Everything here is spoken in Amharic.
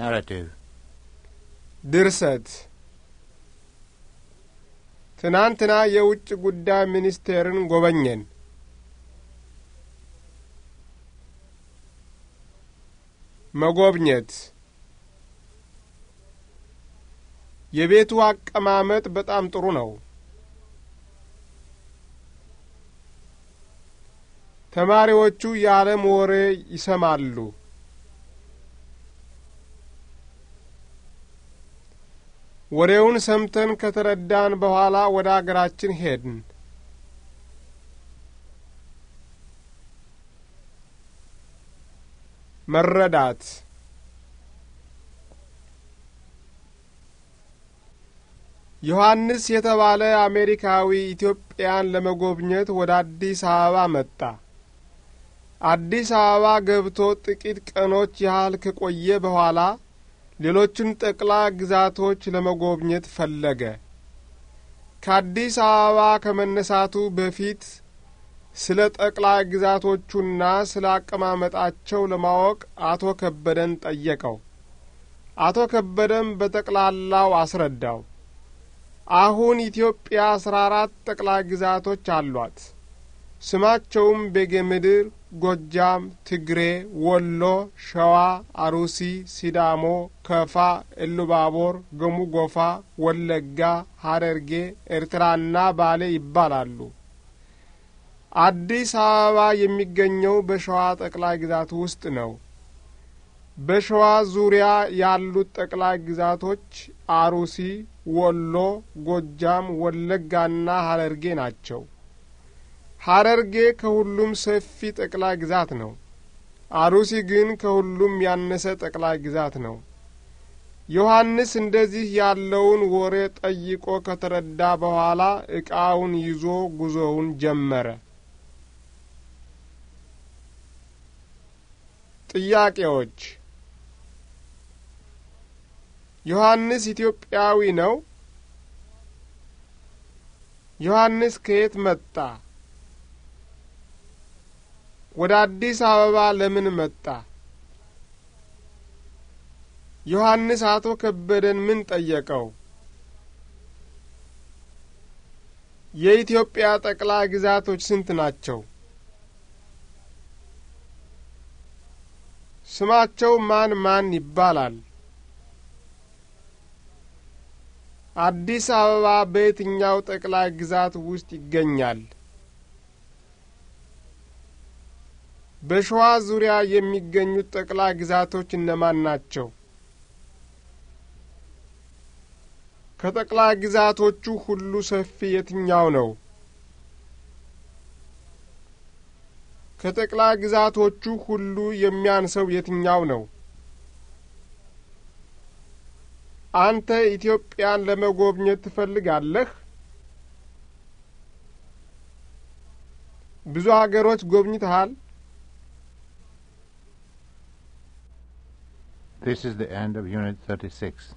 ናራቲቭ ድርሰት ትናንትና የውጭ ጉዳይ ሚኒስቴርን ጐበኘን። መጎብኘት የቤቱ አቀማመጥ በጣም ጥሩ ነው። ተማሪዎቹ የዓለም ወሬ ይሰማሉ። ወሬውን ሰምተን ከተረዳን በኋላ ወደ አገራችን ሄድን። መረዳት ዮሐንስ የተባለ አሜሪካዊ ኢትዮጵያን ለመጎብኘት ወደ አዲስ አበባ መጣ። አዲስ አበባ ገብቶ ጥቂት ቀኖች ያህል ከቆየ በኋላ ሌሎችን ጠቅላ ግዛቶች ለመጎብኘት ፈለገ። ከአዲስ አበባ ከመነሳቱ በፊት ስለ ጠቅላ ግዛቶቹና ስለ አቀማመጣቸው ለማወቅ አቶ ከበደን ጠየቀው። አቶ ከበደም በጠቅላላው አስረዳው። አሁን ኢትዮጵያ አስራ አራት ጠቅላ ግዛቶች አሏት። ስማቸውም ቤጌ ምድር፣ ጎጃም፣ ትግሬ፣ ወሎ፣ ሸዋ፣ አሩሲ፣ ሲዳሞ፣ ከፋ፣ እሉባቦር፣ ገሙ ጎፋ፣ ወለጋ፣ ሀረርጌ፣ ኤርትራና ባሌ ይባላሉ። አዲስ አበባ የሚገኘው በሸዋ ጠቅላይ ግዛት ውስጥ ነው። በሸዋ ዙሪያ ያሉት ጠቅላይ ግዛቶች አሩሲ፣ ወሎ፣ ጎጃም፣ ወለጋና ሀረርጌ ናቸው። ሐረርጌ ከሁሉም ሰፊ ጠቅላይ ግዛት ነው። አሩሲ ግን ከሁሉም ያነሰ ጠቅላይ ግዛት ነው። ዮሐንስ እንደዚህ ያለውን ወሬ ጠይቆ ከተረዳ በኋላ ዕቃውን ይዞ ጉዞውን ጀመረ። ጥያቄዎች ዮሐንስ ኢትዮጵያዊ ነው? ዮሐንስ ከየት መጣ? ወደ አዲስ አበባ ለምን መጣ? ዮሐንስ አቶ ከበደን ምን ጠየቀው? የኢትዮጵያ ጠቅላይ ግዛቶች ስንት ናቸው? ስማቸው ማን ማን ይባላል? አዲስ አበባ በየትኛው ጠቅላይ ግዛት ውስጥ ይገኛል? በሸዋ ዙሪያ የሚገኙት ጠቅላይ ግዛቶች እነማን ናቸው? ከጠቅላይ ግዛቶቹ ሁሉ ሰፊ የትኛው ነው? ከጠቅላይ ግዛቶቹ ሁሉ የሚያንሰው የትኛው ነው? አንተ ኢትዮጵያን ለመጎብኘት ትፈልጋለህ? ብዙ አገሮች ጎብኝተሃል? This is the end of Unit 36.